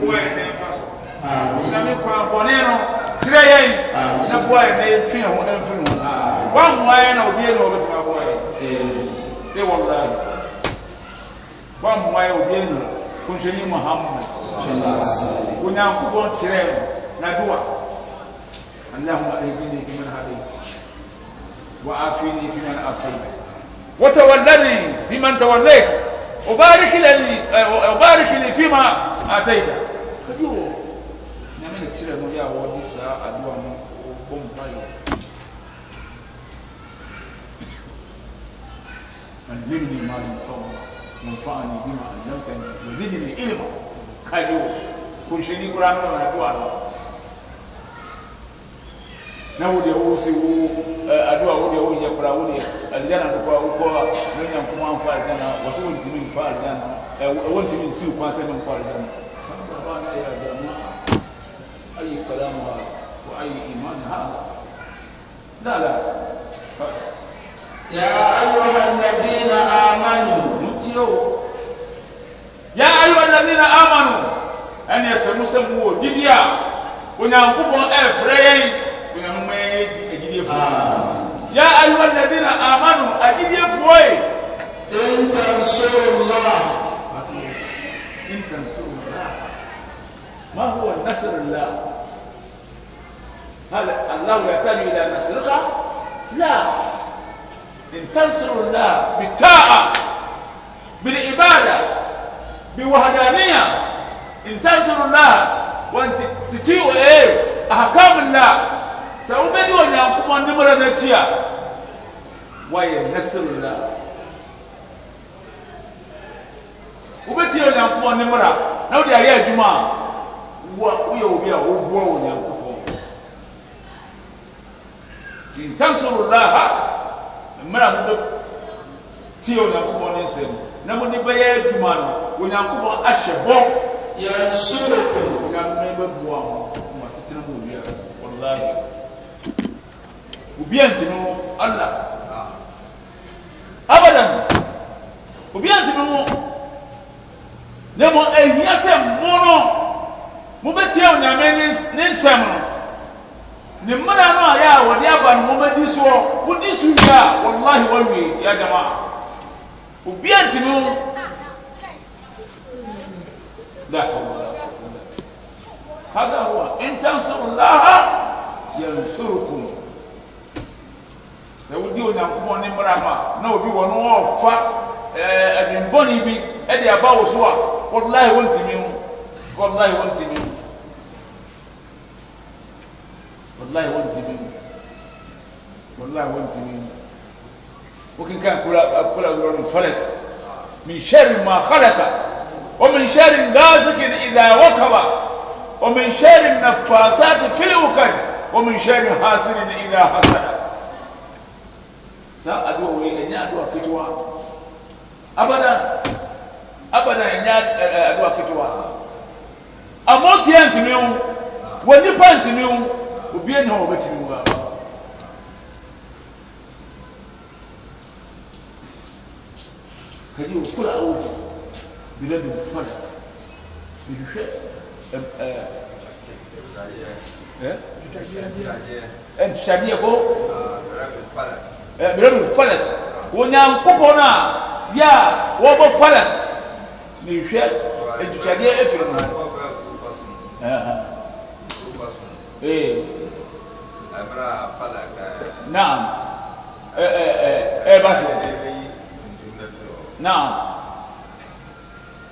boa yɛn nan fa so nyame kwan bɔne no kyerɛ yɛn na boa yɛn nan yɛtwe yɛn ho ɛmfiri ho wɔammoa yɛn na obiara na ɔbɛtumi aboa yɛn de wɔ wura yɛn wɔammoa yɛn obiara na kunhyɛnni muhammad onyankopɔn kyerɛ yɛn na doa allahumma ahdini fi man hadayt wa afini fi man afayt وتولني بمن توليت وبارك لي وبارك لي فيما اتيت ebi wɔ nyame ne tirɛ no yɛ a wɔde saa adoa no wɔbɔ mpayɛ علمني ما ينفعني وانفعني بما علمتني وزدني علما كاجو كن شيني قران وانا دعاء نو دي هو سي هو ادعاء هو دي هو يقرا هو دي الجنه تقرا هو قرا من ينفع الجنه وسو انت من فارجان وانت من سي كوانسن فارجان ي الذن ن دد kkف ي الذن ال يت لىنسر سر ع العباد وحداني سر ن ntansorolaha mmerɛ mobɛ tie onyankopɔn ne nsɛm na mode bɛyɛ adwuma no onyankopɔn ahyɛ bɔ yɛnsorokɔ onyame bɛboa ho ma setena mu owia wallahi obia ntimi ho allah abadan obia ntimi ho na mmom ahia sɛ mo no mobɛtie onyame ne nsɛm no ne mmara no a yɛ a wɔde aba no mɔmadi soɔ wodi so wie a wallahi wawie yɛ gyama obia nti no la hawla hada huwa in tansurullaha yansurukum sɛ wodi onyankopɔn ne mmara no a na obi wɔ no wɔɔfa ɛɛ bi ɛde aba wo so a wallahi wɔntimi ho wallahi wɔntimi ho والله وانت مين والله وانت مين وكن كان كل كل أزرار فلك من شر ما خلق ومن شر غاسق إذا وقب ومن شر النفاثات في الوقت ومن شر حاسد إذا حسد سا إلى وإني أدوى كتوى أبدا أبدا إني أدوى كتوى أموت ينتميون ونفى ينتمي obi ɛna wɔ bɛtiri wa kadi okura awo bira bi nkwana ehwehwɛ ɛɛ ɛ ntusadeɛ ko ɛ bira bi eh, eh, eh, nkwana onyankopɔn a yɛ a wɔbɔ nkwana na ehwɛ ntusadeɛ efiri mu naam ẹ ẹ ẹ ẹ bá sọ naam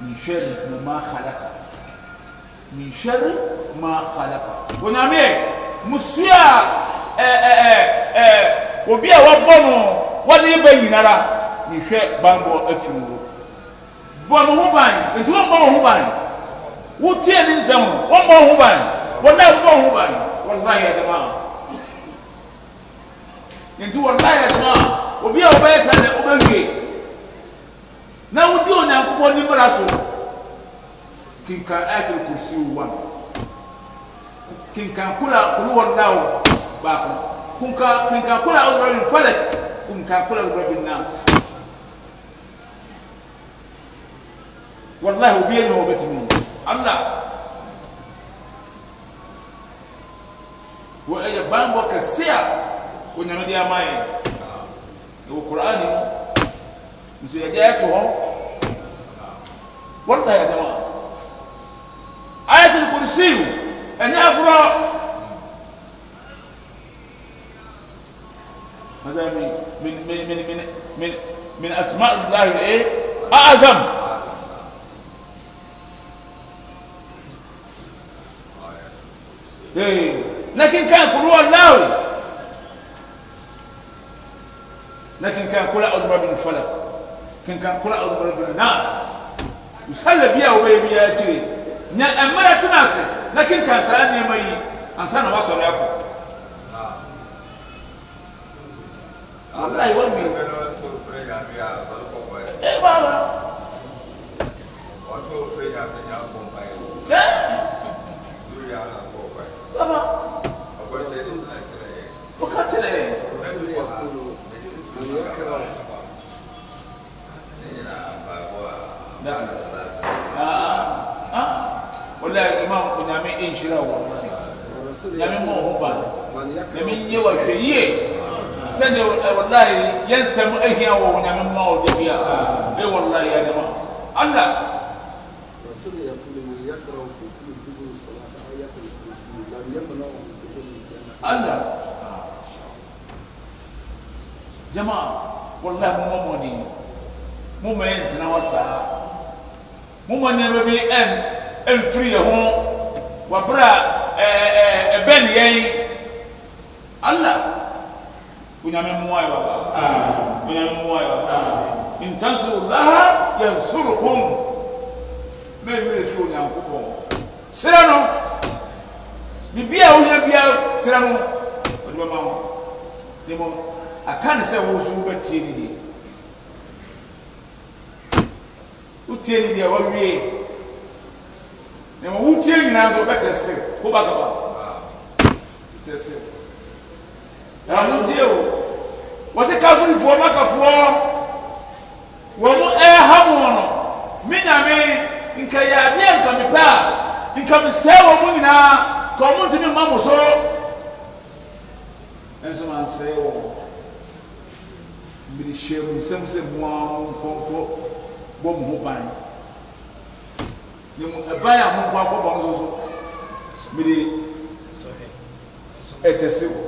nhyɛri ma halaka nhyɛri ma halaka onyame musuo a ɛ eh, ɛ eh, ɛ eh, obi a wabɔ no wɔde ba nyinara nhwɛ bambɔ afi wo bɔ ne ho ban nti wɔn bɔ wɔn ho ban wotie ne nsɛm wɔn bɔ wɔn ho ban wɔn a wɔbɔ wɔn ho ban nti wɔn diet no a obi a ɔbɛyɛ sɛ deɛ ɔbɛwie na wodi onyankopɔn ni bra so kinkan ɛkiri kursi wa kinkan kura kuru wɔn da o baako kunkan kinkan kura ɔdura bi falek kunkan kura ɔdura bi nas walahi obi yɛ na ɔbɛtumi allah. wɔyɛ banbɔ kɛse a wonya no de ama yɛ ɛwɔ koraa ne mu nso yɛde ato hɔ wɔn da yɛ dɛm a ayatul kursi ɛnyɛ agorɔ masa min min min min min min min asma ilahi ee azam ee lakin kan kuru wallahu لكن كان كل أضرب من بالفلق كان كان كل أضرب من الناس يسلى بيا وبيا بيا تري نا أمرة ناس لكن كان سلام مي أنسان ما صار يأكل آه. والله والله nyame nye wahwɛ yie sɛdeɛ wallahi yɛn nsɛm ahia wɔ wo nyame ma wo da bi a ɛ wallahi adama ala ala jama wallahi mo mɔ mɔni mo mɔ yɛn wa saa mo mɔ nneɛma bi ɛn ɛn firi yɛ ho wabra ɛɛ ɛbɛn yɛn. aa in tansuru llh ynkm fnↄ iawu a abdbm a ɛswunw wunyi bɛe ɛho tie o wɔsi kafirifoɔ makafoɔ wɔn ɛha wɔn no mi nyame nka yɛ adeɛ nka mi pɛ a nka mi sɛɛ wɔn mu nyinaa ka wɔn ntumi mma mo so ɛnso ma nsɛɛ wɔn mmiri hyia mu nsɛm sɛ mua nkɔnkɔ bɔ mu ho ban ne mu ɛban a mo nkɔ akɔbɔ no soso mmiri ɛkyɛ wɔ.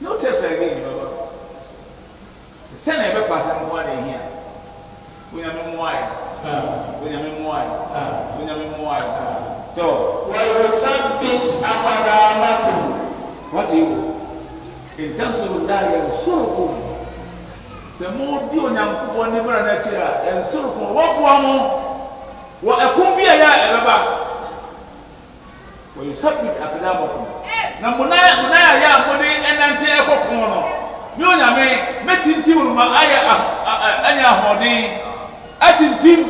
a na wote sɛ ɛbɛ nyina ba sɛ na ɛbɛkɔ asɛm ho ana ɛhia wonyame mmoae wonyame mmoae wonyame mmoae tɔ wɔyɛsabit akadaamako wate wo ntansoro da yɛnsoroko sɛ modi onyankopɔn ne bra no akyiri a ɛnsoroko wɔboa mo wɔ ɛko bi a yɛ a ɛbɛba wɔyɛsabit akadaamako na mona mona yɛ a mode mi o nyame me tintim no ma ayɛ ayɛ ahoɔden atintim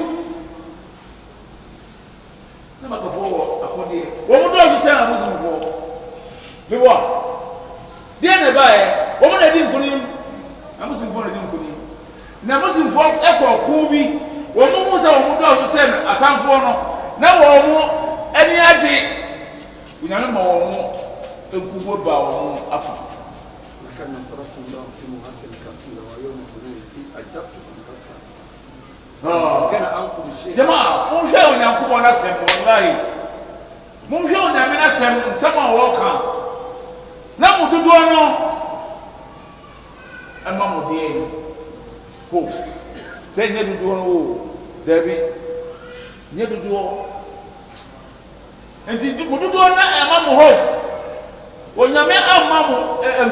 na makɔfoɔ wɔ akɔdeɛ wɔn mo dɔɔso kyɛn na muslimfoɔ mi wɔ deɛ na ɛbaeɛ wɔn mo na di nkunim na muslimfoɔ na di nkunim na muslimfoɔ ɛkɔ ɔkoo bi wɔn mo sɛ wɔn mo dɔɔso kyɛn atamfoɔ no na wɔn mo ani agye onyame ma wɔn mo ekubo ba wɔn mo afa. لقد نصركم الله في مقاتل كثيرة ويوم هنين إذ أجبتكم كثيرة jamaa monhwɛ onyankopɔn no asɛm wallahi monhwɛ onyame no asɛm nsɛm a wɔka na mo dodoɔ no ɛma mo deɛ no ho sɛ nyɛ dodoɔ no o daabi nyɛ dodoɔ nti mo dodoɔ no ɛma mo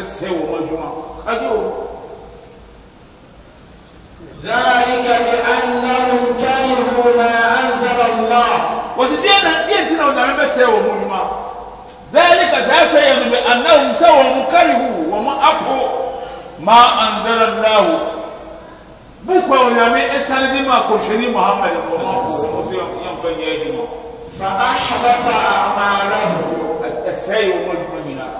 bɛ sɛ o ma juma a kɛ o. ذلك بأنهم كرهوا ما أنزل الله وسيدنا يأتينا ونعمل بس يوم ما ذلك سأسير بأنهم سوى مكرهوا وما أقوى ما أنزل الله bukwa onyame ɛsane de ma akɔhwɛni muhammad fɔmafɔsɛyɛmfanyɛ adwuma fa ahbata amalahum ɛsɛe wɔ mu adwuma nyinaa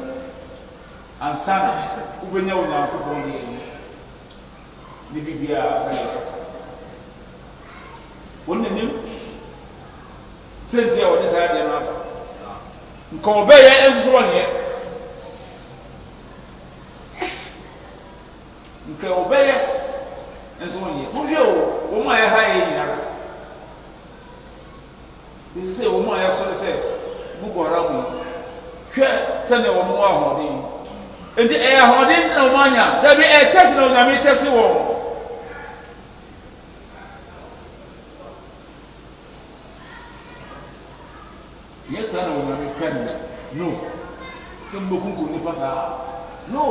ansa na wobɛnya onyankopɔn deɛ mu ne biribiaa sɛ ne kaka wonanim sɛnti a wɔde saa deɛ no afa nka ɔbɛyɛ nso ɔnyɛ nka ɔbɛyɛ nso ɔnyɛ wohwɛ o wɔn a yɛha yɛ nyinaa ɛsɛ sɛ wɔn a yɛsɔre sɛ bubɔra mu hwɛ sɛnea wɔn wɔ ahoɔden nti ɛyɛ e ahoɔden na wɔn anya dabi ɛyɛ e tɛsi na onyame tɛsi wɔn nyɛ saa na onyame pɛ no no sɛ mbokunko nipa saa no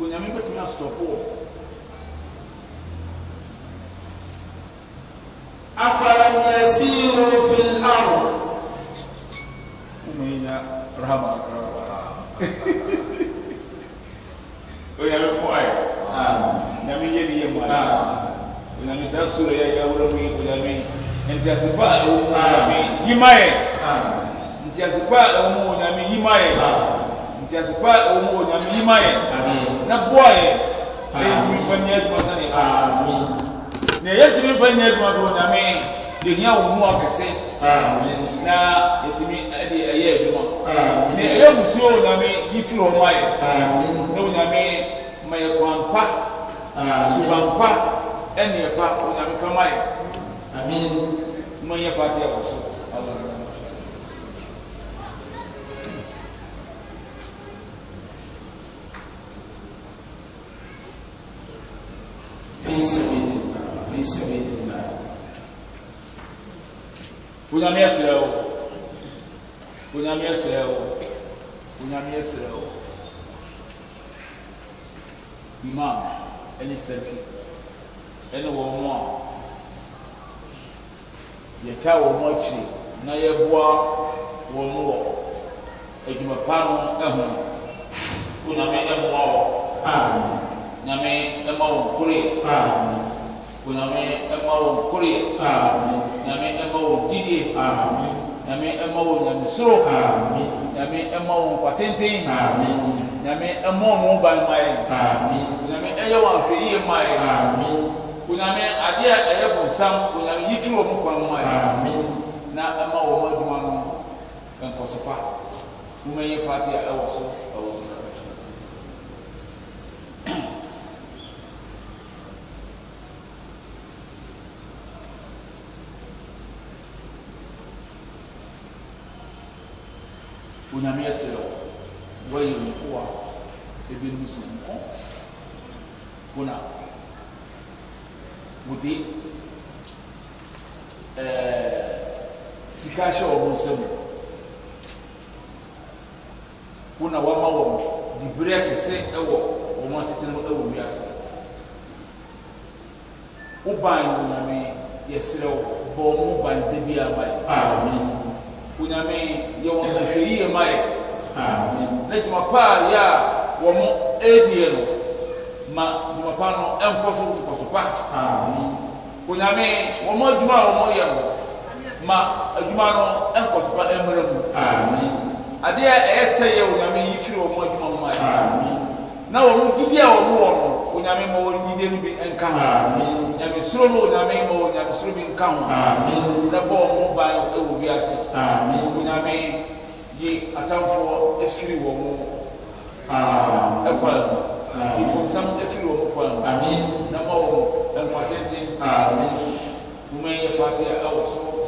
onyame bɛtumi asɔpɔ wɔ. أفلم يسيروا في الأرض. ومن رحمة الله yɛrɛ fɔ a ye nyame yɛ ni yɛ ma ye onyame saa soro yɛ yɛ wura mi onyame ntiasepa a ɛwɔ mu onyame yi ma yɛ ntiasepa a ɛwɔ mu onyame yi ma yɛ ntiasepa a ɛwɔ mu onyame yi ma yɛ na boa yɛ ɛyɛ tumi fa ne ebusuo nyame yi firi wɔn ayɛ ne nyame mayɛ kwampa subampa ɛne ɛpa nyame kama yɛ mayɛ fati ɛkɔ so Onyame ɛsrɛ wo onyame ɛsrɛ wɔ onyame ɛsrɛ wɔ imam ɛne sɛnki ɛne wɔn a yɛtaa wɔn akyi na yɛboa wɔn wɔ adwuma pa no ho onyame ɛmoa wɔ nyame ɛma wɔn kore onyame ɛma wɔn kore nyame ɛma wɔn gyidie nyame ɛma wɔn nyame soro nyame ɛma wɔn nkwa tenten nyame ɛma wɔn ban mayɛ nyame ɛyɛ wɔn ahwɛ yie mayɛ onyame adeɛ a ɛyɛ bonsam onyame yi tiri wɔn kwan mayɛ na ɛma wɔn adwuma no nkɔsopa wɔn ayɛ fati a ɛwɔ so. onyame ah, ɛsrɛ eh, eh, wo wɔyɛ nko a ebinom so nko wo na wode ɛɛ sika hyɛ wɔn nsam wo na wama wɔn dibrɛ kɛse ɛwɔ wɔn asetena mu ɛwɔ wiase wo ban onyame yɛsrɛ wo bɔ wɔn ban de bi ama yɛ onyame yɛ wɔn ahwɛ yie ma yɛ na dwuma paa yɛ a wɔn ɛɛdie no ma dwuma paa no ɛnkɔ so nkɔ so pa onyame wɔn adwuma a wɔn yɛ no ma adwuma no ɛnkɔ so pa ɛmmerɛ mu adeɛ a ɛyɛ sɛ yɛ onyame yi firi wɔn adwuma mu ayɛ na wɔn gyidi a wɔn wɔ no onyame ma wɔ nidye no bi nka ho nyame suro no onyame ma wɔ nyame suro bi nka ho na bɔ wɔn ho ban wɔ wiase onyame yi atamfoɔ afiri wɔn mu ɛkwan mu nkonsam afiri wɔn kwan mu na ma wɔn nkwa tenten wɔn yɛ fateɛ ɛwɔ so.